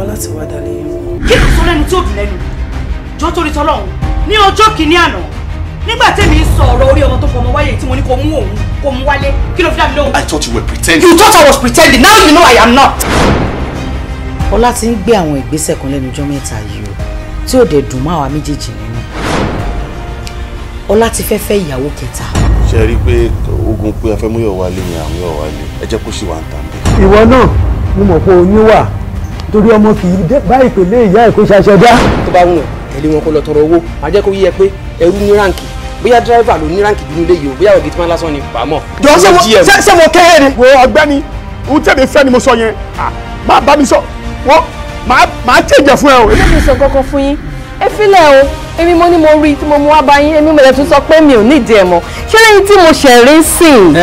wá láti wá dalẹ̀ yìí. kí ló sọ lẹ́nu tí ò dùn lẹ́nu jọ torí tọ́lọ́run ní ọjọ́ kìíní àná nígbà tẹ́mi sọ ọ̀rọ̀ orí ọmọ tó fọmọ wáyé tí mo ní kò mú òun kò mú wálé kí ló fi dá lóhùn. I thought you were pretending. You thought I was pretending now you know I am not. ọlá ti ń gbé àwọn ìgbésẹ̀ kan lẹ́nu ọjọ́ mẹ́ta yìí o tí ò dẹ̀ dùn mọ́ àwa méjèèjì nínú ọlá ti fẹ́ fẹ́ ìyàwó kẹta. ṣe rí i pé ogun pé afẹ́múyọ̀ wálé ni àwọn yọ̀ wálé ẹ jẹ́ kó ṣì wà ń tàn mí. ìwọ náà mo mọ̀ pé o níwà torí ọmọ kì í bá ìpele ìyá ẹ̀ kó ṣaṣẹdá. tó bá wù wọn ẹlẹ wọn kó lọ tọrọ owó máa jẹ́ kó yé ẹ pé ẹrú ní ráǹkì bóyá dírẹ́fà ló ní ráǹkì nínú ilé yìí o bóyá ògì tí wọ́n lásán ni bàá mọ̀. jọ ṣé mo kẹ́ ẹ ni. wo ọ̀gbẹ́ni ohun tẹ̀lé fẹ́ ni mo sọ yẹn má bá mi sọ wọ́n máa tẹ̀jẹ̀ fún ẹ o. ilé mi sọ kọ́kọ́ fún yín ẹ filẹ̀ o èmi mo ní mo rí tí mo mú wá bá yín èmi mẹ̀lẹ́ tún sọ pé mi ò nídìí ẹ̀ mọ́ ṣé lẹ́yìn tí mo ṣẹ̀ rí sìn.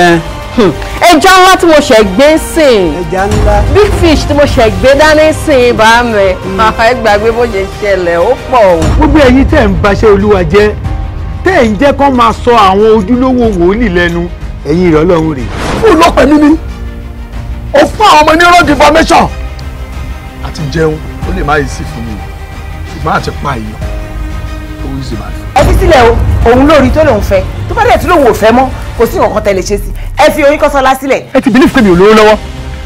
Hmm. ẹja ńlá tí mo ṣẹ̀ gbé sìn big fish tí mo ṣẹ̀ gbé dání sìn bá mi hmm. ẹ gbàgbé bó ṣe ṣẹlẹ̀ ó pọ̀ o. gbogbo ẹ̀yin tẹ́ ń baṣẹ́ olúwa jẹ́ tẹ́ ẹ̀ ń jẹ́ kó máa sọ àwọn ojúlówó wòlíì lẹ́nu ẹ̀yin ìrọ̀lọ́run rè. fún ìlọ́pẹ̀ mi ni ó fún àwọn ọmọ ní road information àti jẹun ó lè má yìí sí fún mi ṣùgbọ́n àti pa èèyàn ó yìí sì máa fi. ẹ sílẹ̀ o òun lórí tó lòun fẹ́ tó bá dẹ̀ tí lòun ò fẹ́ mọ́ kò sí nǹkan kan ṣe sí i ẹ fi oyin Kọ́sọ́lá sílẹ̀. ẹ ti believe pé mi ò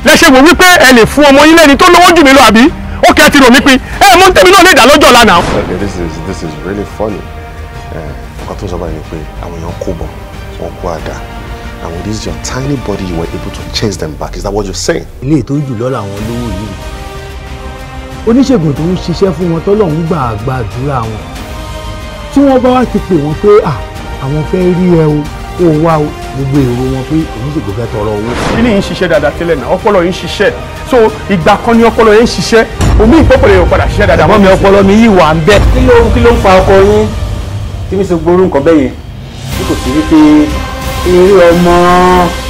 lẹ ṣe wò wípé ẹ lè fún ọmọ yín lẹ́ni tó lówó jù mí lọ àbí ó kẹ́ ti rò mí pin ẹ mọ tèmi náà lè dà lọ́jọ́ ọ̀la okay this is this is really funny nǹkan tó ń sọ báyìí ni pé àwọn èèyàn kó bọ̀ wọn kó àdá and with this your tiny body you were able to chase them back is that what you're saying. ilé ètò ìjùlọ làwọn olówó yìí oníṣègùn tó ń ṣiṣẹ́ fún wọn tọ́lọ́hún gbà àgbàdúrà wọn tí wọ́n bá wá ti pè wọ́n pé àwọn fẹ́ rí ẹ o kó o wá gbogbo èrò wọn pé oníṣègùn fẹ́ tọrọ owó. kíní yìí ń ṣiṣẹ́ dáadáa tẹ́lẹ̀ náà ọpọlọ yìí ń ṣiṣẹ́ so ìgbà kan ni ọpọlọ yìí ń ṣiṣẹ́ omi ìpọ́pọ̀lọ yìí ò padà ṣiṣẹ́ dáadáa. àbọ̀mí ọpọlọ mi yìí wà ń bẹ. kí ló kí ló ń fa ọkọ yín tí mi ṣe gbóró nǹkan bẹ́yẹn bí kò sí wípé eré ọmọ